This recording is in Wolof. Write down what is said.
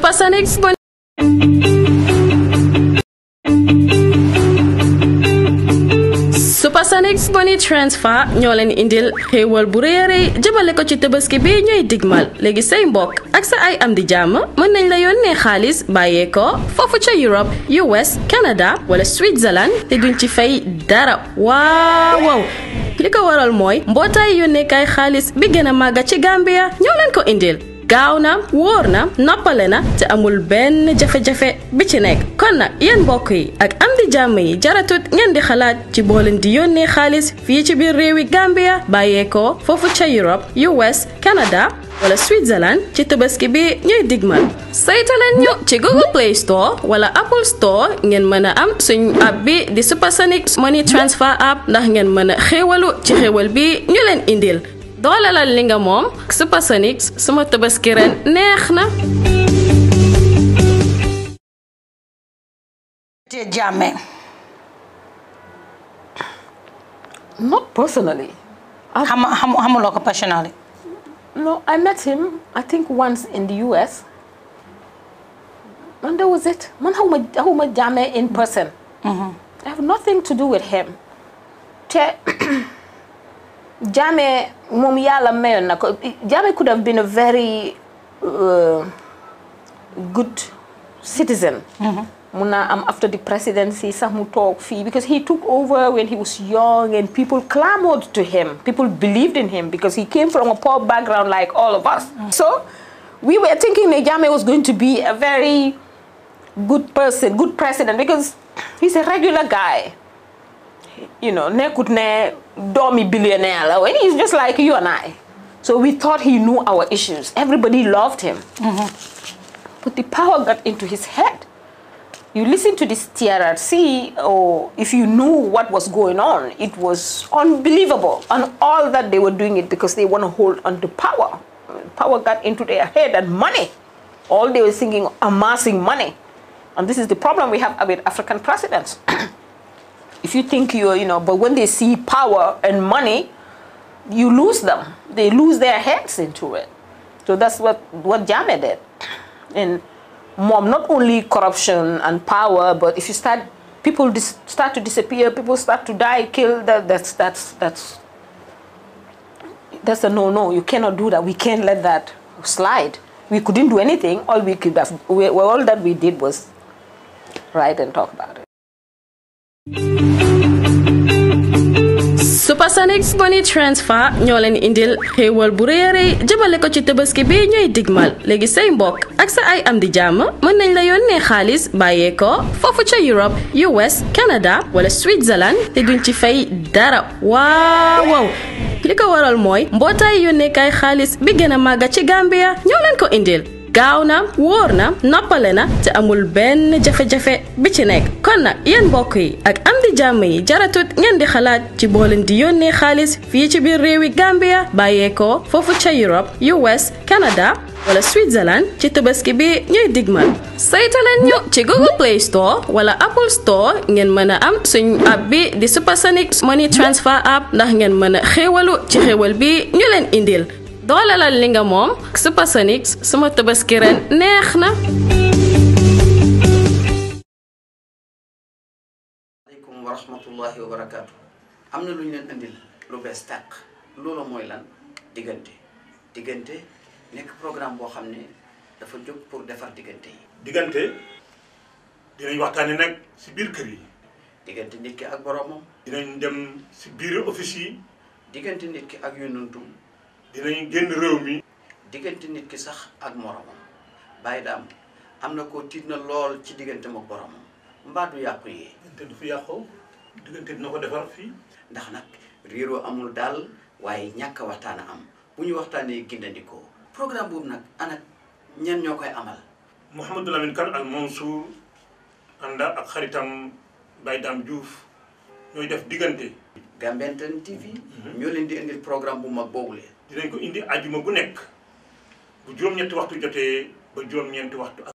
pasan exponiendo. Supersonics Money Transfer ñoo leen indil xéewal bu rëy jëmale ko ci tabaski bi ñooy digmal léegi say mbokk ak sa ay am di jàmm mën nañ la yónnee xaalis bàyyee ko foofu ca Europe US Canada wala Switzerland te duñ ci fay dara waaw waaw li ko waral mooy mbootaay yónneekaay xaalis bi gën a màgga ci Gambia ñoo leen ko indil gaaw na wóor na noppale na te amul benn jafe-jafe bi ci nekk kon nag yéen mbokk yi ak am di jàmm yi jaratut ngeen di xalaat ci boo di yónnee xaalis fii ci biir réewi Gambia bàyyeekoo foofu ca Europe US Canada wala Switzerland ci tabaski bi ñuy digmal saytaleen ñu ci Google Play Store wala Apple Store ngeen mën a am suñ app bi di Supersonic Money Transfer app ndax ngeen mën a xéewalu ci xéewal bi ñu leen indil doolalal li nga moom Supersonic suma tabaski ren neex na te Jammeh not personally xam xamuloo ko personally no I met him I think once in the US and that was it man xawma xawma Jammeh in person mm-hmm. I have nothing to do with him te Jame, moom yàlla mayoon could have been a very uh, good citizen. Mhm. naa um, after the presidency some mu toog because he took over when he was young and people clamoured to him people believed in him because he came from a poor background like all of us. Mm-hmm. so we were thinking that was going to be a very good person good president because he's a regular guy you know, could ne dummy billionaire la. he's just like you and I. So we thought he knew our issues. Everybody loved him. Mm -hmm. But the power got into his head. You listen to this TRRC, or oh, if you knew what was going on, it was unbelievable. And all that they were doing it because they want to hold on to power. Power got into their head and money. All they were thinking, amassing money. And this is the problem we have with African presidents. if you think you're, you know, but when they see power and money, you lose them. They lose their heads into it. So that's what, what Jammeh did. And mom, not only corruption and power, but if you start, people start to disappear, people start to die, kill, that, that's, that's, that's, that's a no-no. You cannot do that. We can't let that slide. We couldn't do anything. All we could have, we, well, all that we did was write and talk about it. Supersonix Money Transfer ñoo leen indil xéewal bu rëy a ko ci tabaski bi ñooy digmal léegi say mbokk ak sa ay am di jàmm mën nañ la yónnee xaalis bàyyee ko foofu ca Europe US Canada wala Switzerland te duñ ci fay dara waaw li ko waral mooy mbootaay yónneekaay xaalis bi gën a ci Gambia ñoo leen ko indil. gaaw na wóor na noppale na te amul benn jafe-jafe bi ci nekk kon nag yéen mbokk yi ak am di jàmm yi jaratut ngeen di xalaat ci boo di yónnee xaalis fii ci biir réewi Gambia bàyyeekoo foofu ca Europe US Canada wala Switzerland ci tabaski bi ñuy digmal saytaleen ñu ci Google Play Store wala Apple Store ngeen mën a am suñu app bi di Supersonic Money Transfer app ndax ngeen mën a xéewalu ci xéewal bi ñu leen indil doolalal li nga moom supersonics suma tabaski ren neex na aleykum wa rahmatullahi wa barakatu am na lu ñu leen andil lu bees tàq loolu mooy lan diggante diggante nekk programme boo xam ne dafa jóg pour defar diggante yi diggante dinañ waxtaane nag si biir kër yi diggante nit ki ak boromam dinañ dem si biir office yi diggante nit ki ak yonantum dinañ génn réew mi. diggante nit ki sax ak moromam bàyyi daam am na ko tiit na lool ci diggante ak boromam mbaa du yàqu yi. diggante du fi yàqu diggante dina ko defar fii. ndax nag réeroo amul daal waaye ñàkk waxtaan a am bu ñu waxtaanee gindandikoo programme boobu nag ana ñan ñoo koy amal. Mouhamadou Lamine Kane Al Mansour ànd ak xaritam Baye Dame Diouf ñooy def diggante. Gambian Talents TV. Mhm. ñoo leen di indil programme bu mag boobu leen. dinañ ko indi ajuma bu nekk bu juróom-ñetti waxtu jotee ba juróom-ñeenti waxtu.